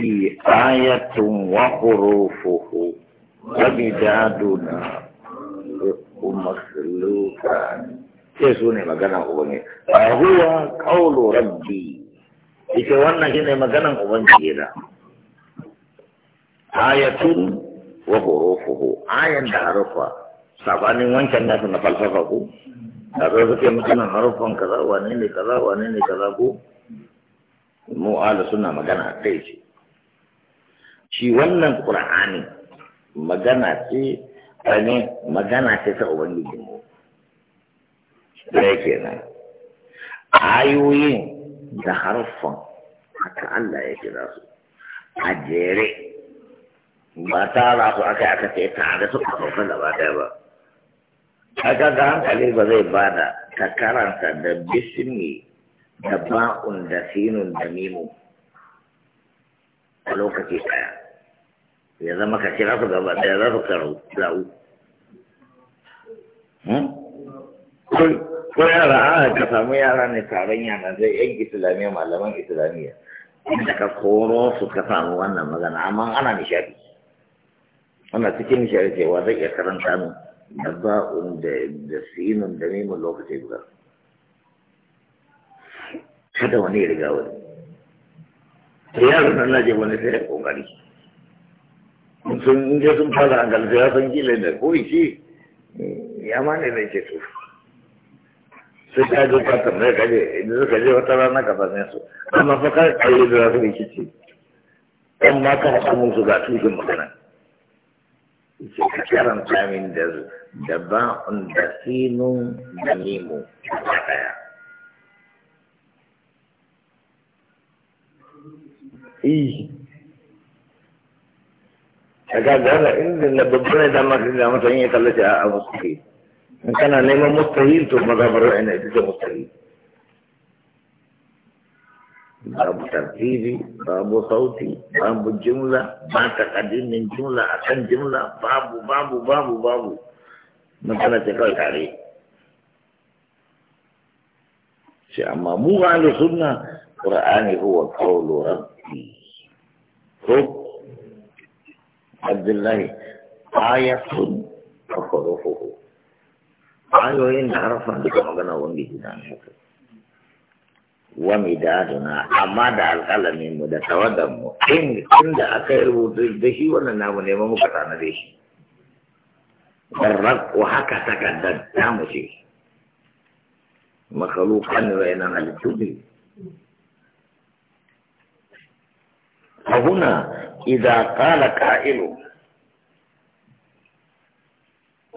في آية وحروفه وبدادنا su ne ubangi a kaulu rabbi ubangi wa hurufuhu ayan da harufa sabanin wancan nasu na falsafa ku da zo suke mutunan harufan kaza wane ne kaza wane ne kaza ku mu suna magana kai ce shi wannan ƙur'ani magana ce ne magana ce ta ubangijinmu yake nan ayoyin da harfan haka Allah ya kira su a jere ba tara su aka aka ce tare su a sauka ba ɗaya ba haka ga hankali ba zai ba da ta karanta da bismi da ba'un da sinun da mimu a lokaci ɗaya ya zama ka kira su gaba ɗaya za su karau lau hmm? ko yara a ka samu yara ne taron yana zai yan islamiyya malaman islamiyya inda ka koro su ka samu wannan magana amma ana nishadi ana cikin nishadi cewa zai iya karanta mu da ba'un da sinun da mimun lokaci guda kada wani ya riga wani yaron nan na je wani sai da kokari sun inda sun fara a galta ya san kila da ko ce ya ma ne da ke su sai ka je ka tambaye ka je idan suka je wata rana ka same su amma fa ka kai da su rikici dan ma ka haɗa mun su ga tushen magana ce ka karanta min da da ba'un da sinun da mimu ɗaya Eh, باب ترتيبي باب صوتي باب الجملة ما تقدم من جملة أكن جملة باب باب باب باب مثلا تقول تعالي شيء أما مو على سنة قرآني هو قول ربي حب عبد الله آية وخروفه آيوين عرفا لكم أغنى ومجدنا ومدادنا أما دا القلم مدى تودم إن إن دا أكير ولا وننا نعم ونما مكتانا دهي والرب وحكا تكدد نامشي مخلوقا وإننا لتوبي فهنا إذا قال قائل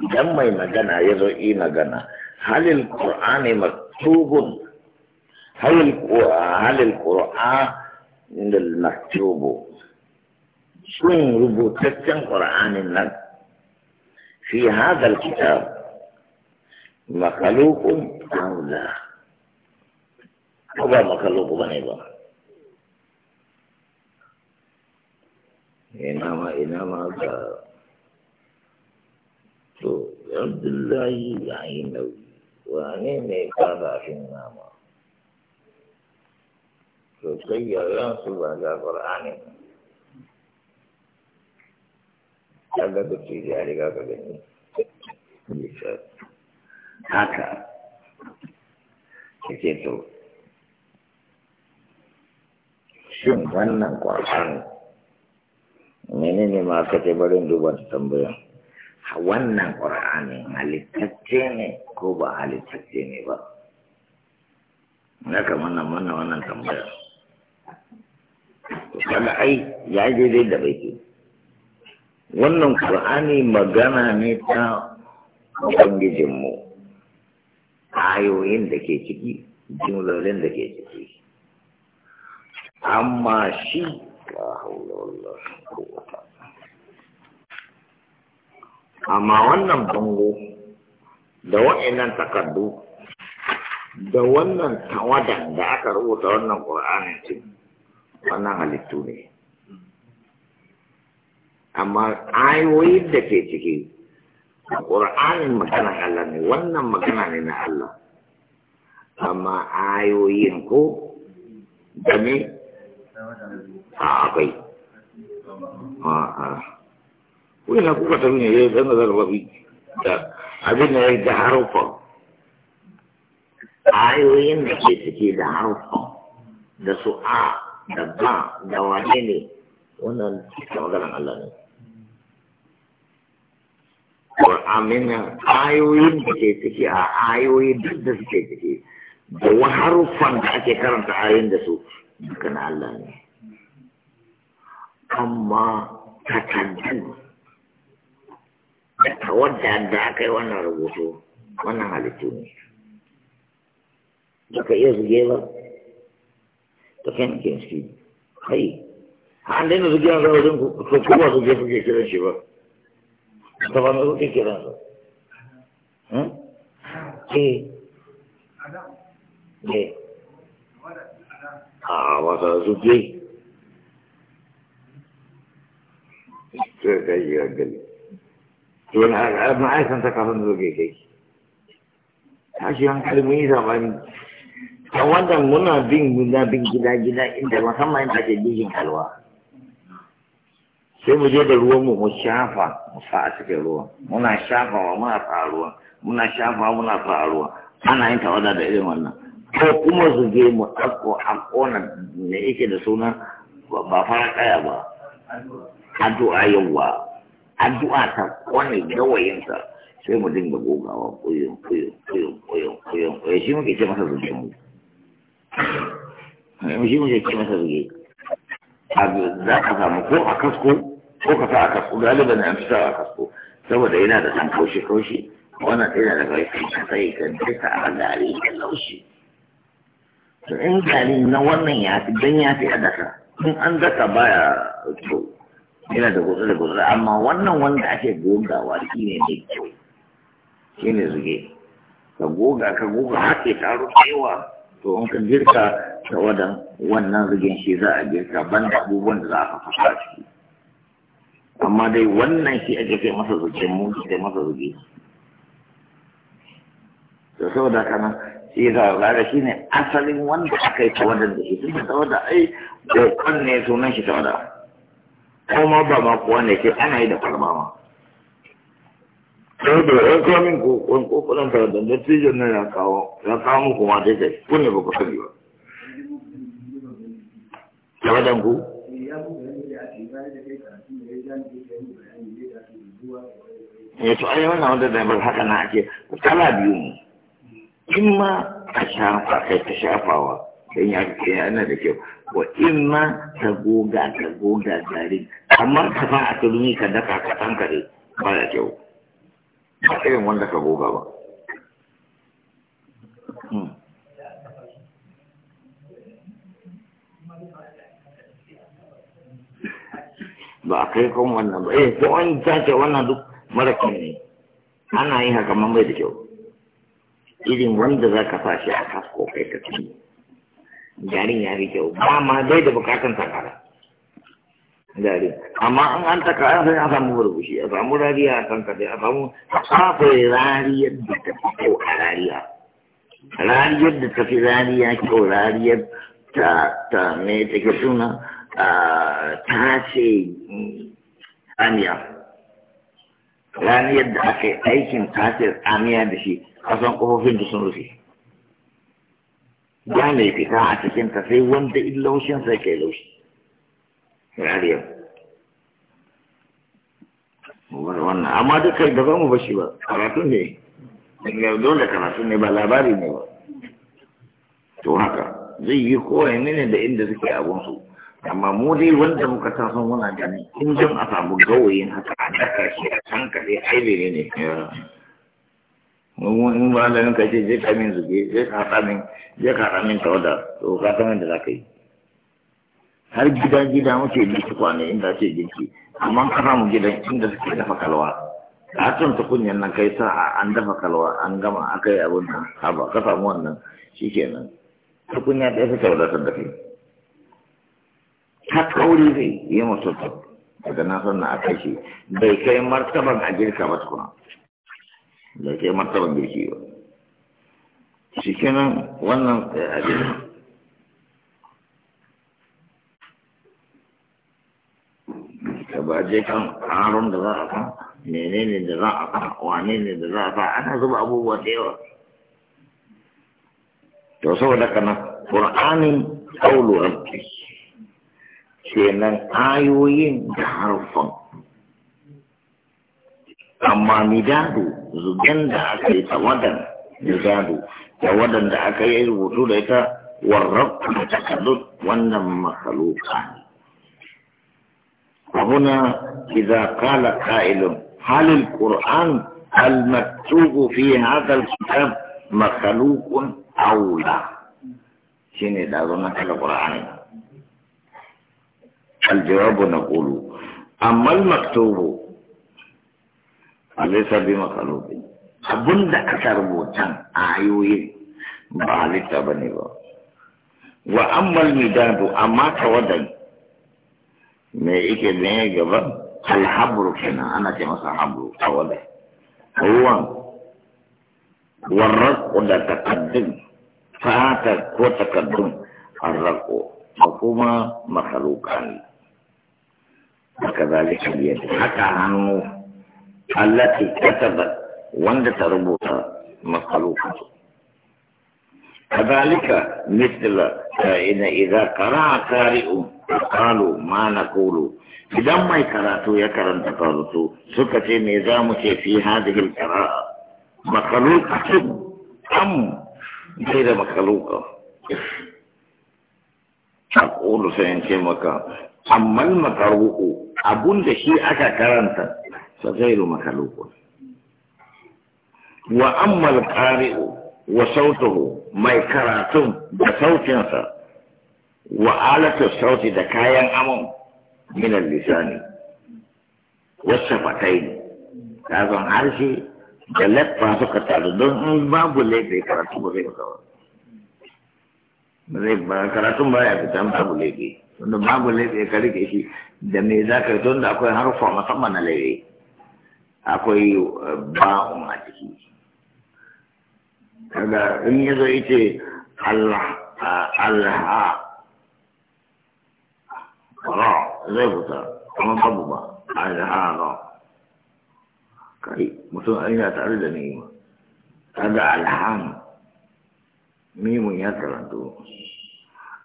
idan mai magana ya zo yi magana halil qur'ani maktubun halil qur'anil maktubu shin rubutaccen qur'anin nan fi hadal kitab makhluqun aw la ko ba makhluq bane ba ina ma ina ma ga to abdullahi ya yi nauyi wane ne kazafin nama to sai yaran su ba ga Ya ga da ce ya riga ka gani haka kake to shin wannan ƙwararren menene ma aka ce barin duba ta tambayan wannan ƙura'ani halittacce ne ko ba halittacce ne ba na kama nan mana wannan tambaya kaga ai ya je dai da baiki wannan ƙura'ani magana ne ta ubangijinmu ayoyin da ke ciki jimlolin da ke ciki amma shi la haula wala quwwata amma wannan bango da wa'annan takardu da wannan tawada da aka rubuta wannan ƙur'anin cin wannan halittu ne amma ayoyin da ke ciki ƙur'anin maganan Allah ne wannan magana ne na Allah amma ayoyin ko da ne عقي وإلا كوكا تبين إيه ده ده الوضي ده عبين إيه ده حروفة آي وين ده كي ده حروفة ده سعاء ده باء ده وعيني وانا الكيسة وقال عن الله وعمين آي وين ده كي آي وين ده كي ده وحروفة ده كي كرمت آيين ده سعاء كان على الله amma takardu da tawadda da aka yi wannan rubutu wannan halittu ne ka iya zuge ba ta kai nake shi kai an daina zuge an zaɓa ku ko kuma zuge suke kiran shi ba ta ba mai kuke kiran sa eh eh a wasa zuge sai ka yi gari to na aysan ta kafin zo ke kai tashi hankali mun yi zamani a wannan muna bin gida bin gida gida inda musamman inda ke bijin kalwa sai mu je da ruwan mu mu shafa mu sa a cikin ruwan muna shafawa muna sa ruwan muna shafa muna sa ruwan ana yin tawada da irin wannan ko kuma su je mu ɗauko a ƙona da yake da suna ba fara kaya ba addu'a yawa addu'a ta kwane gawayinsa sai mu dinga gogawa koyon koyon koyon koyon koyon koyon eh, shi muke ce masa zuke mu eh, shi muke ce masa zuke za ka samu ko a kasko ko ka sa a kasko galiba na fi sa a kasko saboda yana da ɗan kaushe kaushe wannan yana da ƙarfi ka sai ka duka a gari da laushi to in gari na wannan ya fi don ya fi a daka in an daka baya to yana da gutsu da gutsu amma wannan wanda ake gogawa shi ne mai kyau shi ne zuge ka goga ka goga hake ta rufewa to in ka girka ta wadan wannan zugen shi za a girka ban da abubuwan da za a fasa ciki amma dai wannan shi ake kai masa zuge mun kai masa zuge to saboda kana shi yasa shi ne asalin wanda aka yi tawadar da shi tun ta tawada ai da ne sunan shi tawada Koma ba ma kuwa ne ke ana yi da kwalba ma sai da ya kawo min kokon kokonan ta da dattijan nan ya kawo ya kawo muku ma dai kai kun ne ba ku sani ba tabadan ku ya eh, to ai wannan wanda da bar haka na ake kala biyu ne in ma a shafa kai ta shafawa dan ya ke yana da kyau wa imma ta goga ta goga gari amma ka fa a turmi ka daka ka tankare ba da kyau ba irin wanda ka goga ba hmm. ba a kai kan wannan ba eh ko an tace wannan duk marakin ne ana yin haka man bai da kyau irin wanda za ka sa shi a kasko kai ka cikin garin ah, ya fi kyau ba ma dai da bukatan takara jari amma an an takara sai an samu burbushi a samu rariya a kan kadai a samu kafin rariyar da ta fi kyau a rariya rariyar da ta fi rariya kyau rariyar ta ta me ta ke suna ta ce amiya raniyar da aka yi aikin tasir amiya da shi kasan kofofin da sun rufe ya mai fita a cikinta sai wanda in laushin sai kai laushi rariyar wannan amma duk kai da mu bashi ba karatu ne dole karatu ne ba labari ne ba to haka zai yi kowai ne da inda suke abunsu amma mu dai wanda muka ta son muna gani in jin a samu gawayin haka a daka shi a can kare aile ne ne in malamin ka ce je ka min zuge je ka haɗa min je ka haɗa min tawada to ka min da za ka yi har gida gida muke bi su kwane inda ce jinki amma ka samu gidan inda suke dafa kalwa ka can ta kunyan nan kai sa an dafa kalwa an gama akai abun nan haba ka samu wannan kenan. ta kunya ɗaya ta wadatar da kai ta kauri zai yi mutum daga nan sannan a kai shi bai kai martaban a girka ba tukuna da ke martaban girki ba shi kenan wannan eh, abin ka ba je kan aron da za a kan menene da za a kan wane ne da za a kan ana zuba abubuwa da yawa to saboda kana qur'anin qawlu rabbi kenan ayoyin da harfan amma midadu zugen da aka yi tawadan midadu tawadan da aka yi rubutu da ita warraku da takardun wannan makhluka ne وهنا إذا قال قائل هل القرآن المكتوب في هذا الكتاب مخلوق أو لا شيني دعونا على القرآن الجواب نقول أما المكتوب alaisa bi makalobi abin da aka rubutan ayoyi ba halitta ba ne ba wa ammal midadu amma wadai me yake ne gaba alhabru kenan ana ce masa habru wadai ruwan warraku da takaddun fata ko takaddun arraku da kuma makalukan haka zalika biyar haka hannu allati katabat wanda ta rubuta makalukatu kadhalika mithla ina idza qara'a qari'u qalu ma naqulu idan mai karatu ya karanta karatu suka ce me za mu ce fi hadhihi al-qira'a a am غير مخلوقة أقول سينتي مكا أما المكروه abunda shi aka karanta. فغير مخلوق وأما القارئ وصوته ما يكراتم بصوت وآلة الصوت دكايا أمم من اللسان والشفتين هذا عرشي جلت فاسقة تعددون باب الليل كراتم غير كوا كراتم karatun baya fitan babu laifi tunda babu laifi ka rike shi da me za ka yi tunda akwai harfa musamman na akwai ba'un a ciki kaga in ya zo yace Allah Allah ra zai fita kuma babu ba Allah ra kai mutum ai na tare da ni kaga alham mimun ya karanto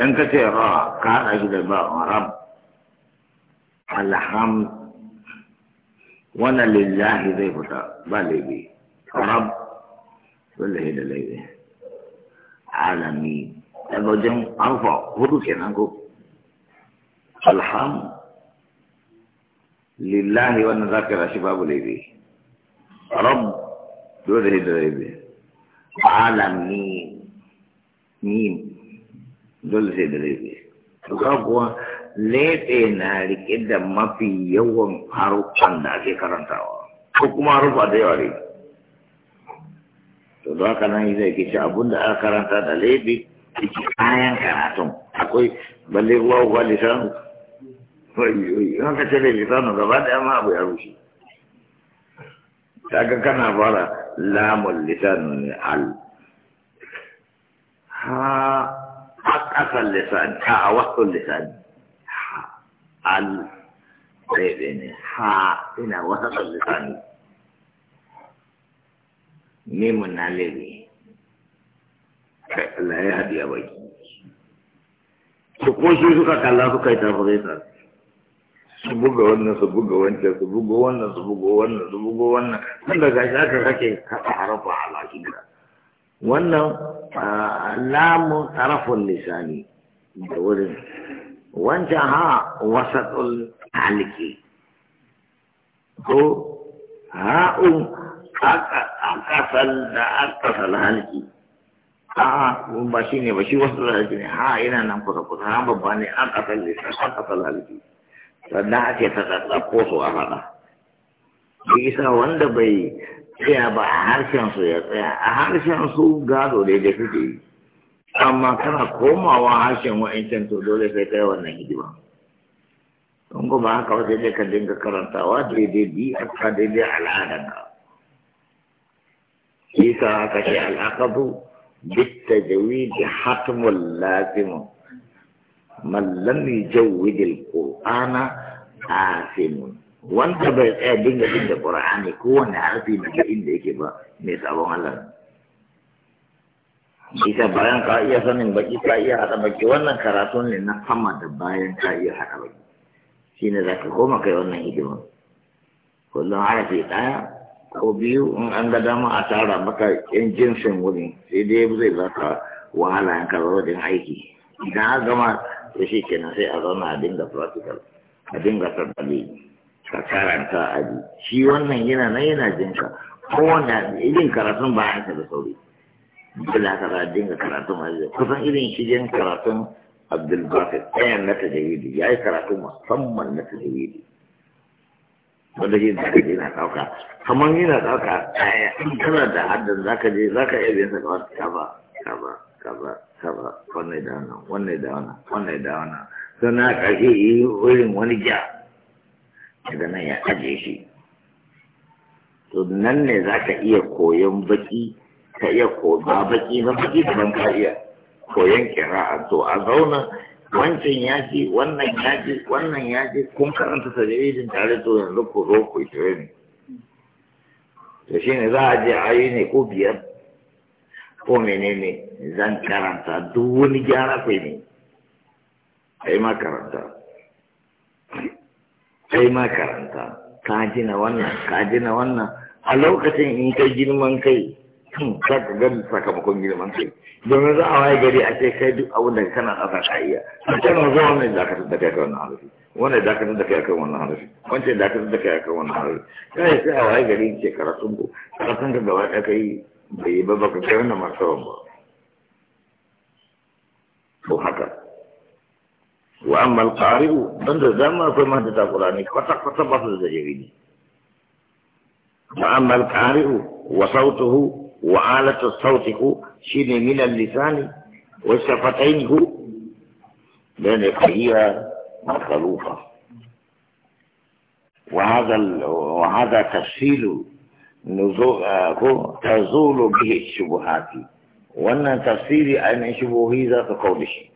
in ka ce ra ka haɗa shi da ba'un rab alhamdu wannan lillahi zai fita ba laifi rab wallahi da laifi alami daga wajen alfa hudu kenan ko alham lillahi wannan za ka rashi babu laifi rab dole da laifi alami ni dole sai da laifi to Lefe na rike da mafi yawan haruffan da ake karantawa ko kuma haruffa da yawa rike to da nan yi zai kici abinda aka karanta da lefe ciki kayan karatun akwai balle ruwa ruwa lisanu in aka cire lisanu gaba da yamma abu ya rushe ta ga kana fara lamun lisanu ne al ha a ƙasar lisanu a wasu lisanu al ɗaya ha ina wata tsallitani nemun na lebe Allah ya haɗiya baki su ko shi suka kalla suka yi tafazaita su buga wannan su buga wancan su buga wannan su buga wannan su buga wannan tun da gashi aka kake kaɗa harafa a lafiya wannan ah, lamun tarafin lisani da wurin وانتهى وسط الحلق هو هاء أقفل أقفل الحلق a'a mun ba shi ne ba shi wasu lalaci ne ha ina nan kusa kusa ha babba ne an kasar ne an kasar lalaci sannan ake ta tsatsa ko a faɗa wanda bai tsaya ba a harshen su ya tsaya a harshen gado daidai suke amma kana komawa harshen wa'ancan to dole sai kai wannan hidima don ko ba haka wata ka dinga karantawa daidai bi a ka daidai al'adar ka isa haka ce Bitta, بالتجويد حتم لازم من لم يجود القرآن آثم wanda bai tsaya dinga jin da Qur'ani kowane harfi daga inda yake ba mai sabon Allah Bisa bayan ka iya sanin baki ka iya haɗa baki wannan karatun ne na sama da bayan ka iya haɗa baki. Shi ne za ka koma kai wannan hidima. Kullum harafi ɗaya ko biyu in an ga dama a tara maka yan jinsin wurin sai dai zai baka wahala in ka wajen aiki. Idan an gama to shi kenan sai a zauna a dinga practical a dinga tattali ka karanta aji. Shi wannan yana nan yana jinka. Kowane yin karatun ba a da sauri. bila ka za dinga karatu ma zai kusan irin shigen karatun abdul basit ɗayan na tajawidi ya yi karatu musamman na tajawidi wanda shi da kaje na ɗauka kamar yana ɗauka ɗaya in kana da haddan za ka je za ka iya biyan sa kawai kaba kaba kaba kaba wannan da wannan wannan da wannan wannan da wannan sannan na ƙarshe yi wurin wani ja daga nan ya ajiye shi to nan ne za ka iya koyon baki ka iya ko ba baki ba baki da ban ka iya koyan kira'a to a zauna wancan ya ji wannan ya ji wannan ya ji kun karanta sajidin tare to wani ku zo ku shirye ne to shi ne za a je yi ne ko biyar ko menene zan karanta duk wani gyara kai ne ai ma karanta ai ma karanta ka na wannan ka jina wannan a lokacin in kai girman kai Hmm, za ka ga sakamakon girman kai domin za a waye gari a ce kai duk abin da kana a ka iya a kana zuwa wannan dakatar da kai akan wannan harafi wannan dakatar da kai akan wannan harafi wancan dakatar da kai akan wannan harafi kai sai a waye gari ce karatun ku karatun ka gaba ɗaya kai bai yi ba baka kai wannan masu yawan ba ko haka wa amma alqari'u dan da zama akwai ma da takurani kwata kwata ba su da jiri ne wa amma alqari'u wa sautuhu وآلة الصوت هو شين من اللسان والشفتين هو لأن فهي مخلوقة وهذا ال... وهذا تفصيل نزول تزول به الشبهات وأن تفصيل أن شبهه ذات قول شيء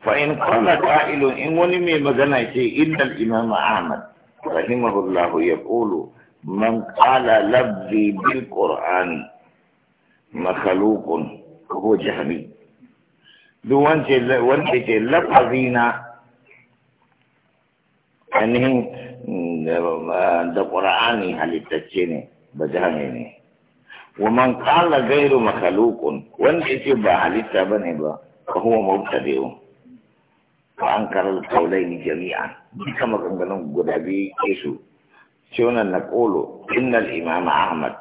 فإن قال قائل إن ولم يمدنا شيء إلا الإمام أحمد رحمه الله يقول من قال لبي بالقرآن مخلوق هو جهمي duk wanda ke lafazi na ainihin da ƙura'ani halittacce ne ba jami ne wa man ƙala makalukun wanda yake ba halitta ba ne ba ka huwa mawuta da yau ba an karar kaulai jami'a duka maganganun guda biyu ke su شونا نقول إن الإمام أحمد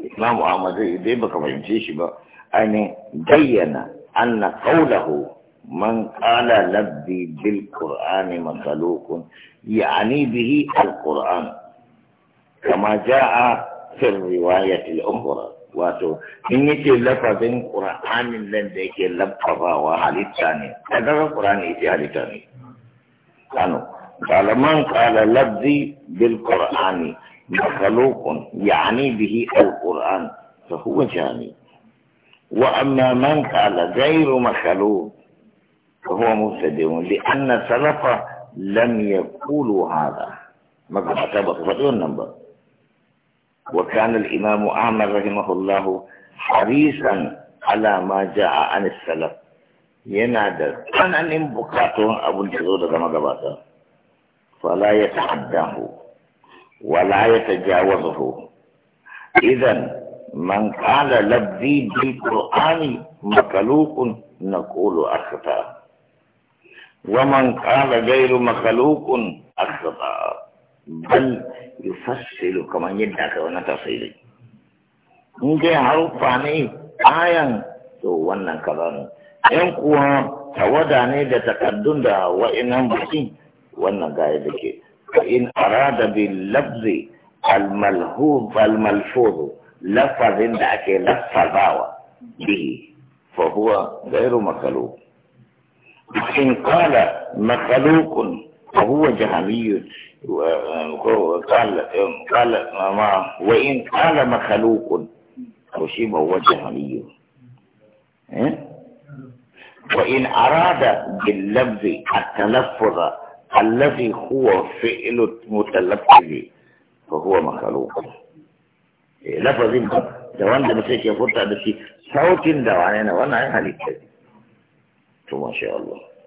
الإمام أحمد دي بقى ما يمشيش بقى يعني أن بين أن قوله من قال لبي بالقرآن مخلوق يعني به القرآن كما جاء في الرواية الأخرى واتو إن يتي لفظ قرآن لن ديكي وحالي الثاني هذا القرآن حالي الثاني كانوا قال من قال لفظي بالقرآن مخلوق يعني به القرآن فهو جاني وأما من قال غير مخلوق فهو مبتدئ لأن السلف لم يقولوا هذا ما كتبت النمبر وكان الإمام أحمد رحمه الله حريصا على ما جاء عن السلف ينادى أنا أن أبو الجزور كما قبلتها فلا يتعداه ولا يتجاوزه إذا من قال لبي بالقرآن مخلوق نقول أخطأ ومن قال غير مخلوق أخطأ بل يفصل كما يدعك وانا تفصيلي إن جاء عني آية تو وانا كذا إن قوة تودعني لتقدم وإنهم بسين wannan gaya da ke in arada bi lafzi الملهوب الملفوظ لفظ عندك لفظ به فهو غير مخلوق إن قال مخلوق فهو جهمي قال قال ما وإن قال مخلوق أصيب هو جهمي وإن أراد باللفظ التلفظ الذي هو فعل متلفظ به فهو مخلوق إيه، لفظ بقى دوان ده مسيك يفوت على شيء صوت دوان انا وانا هالي كده ما شاء الله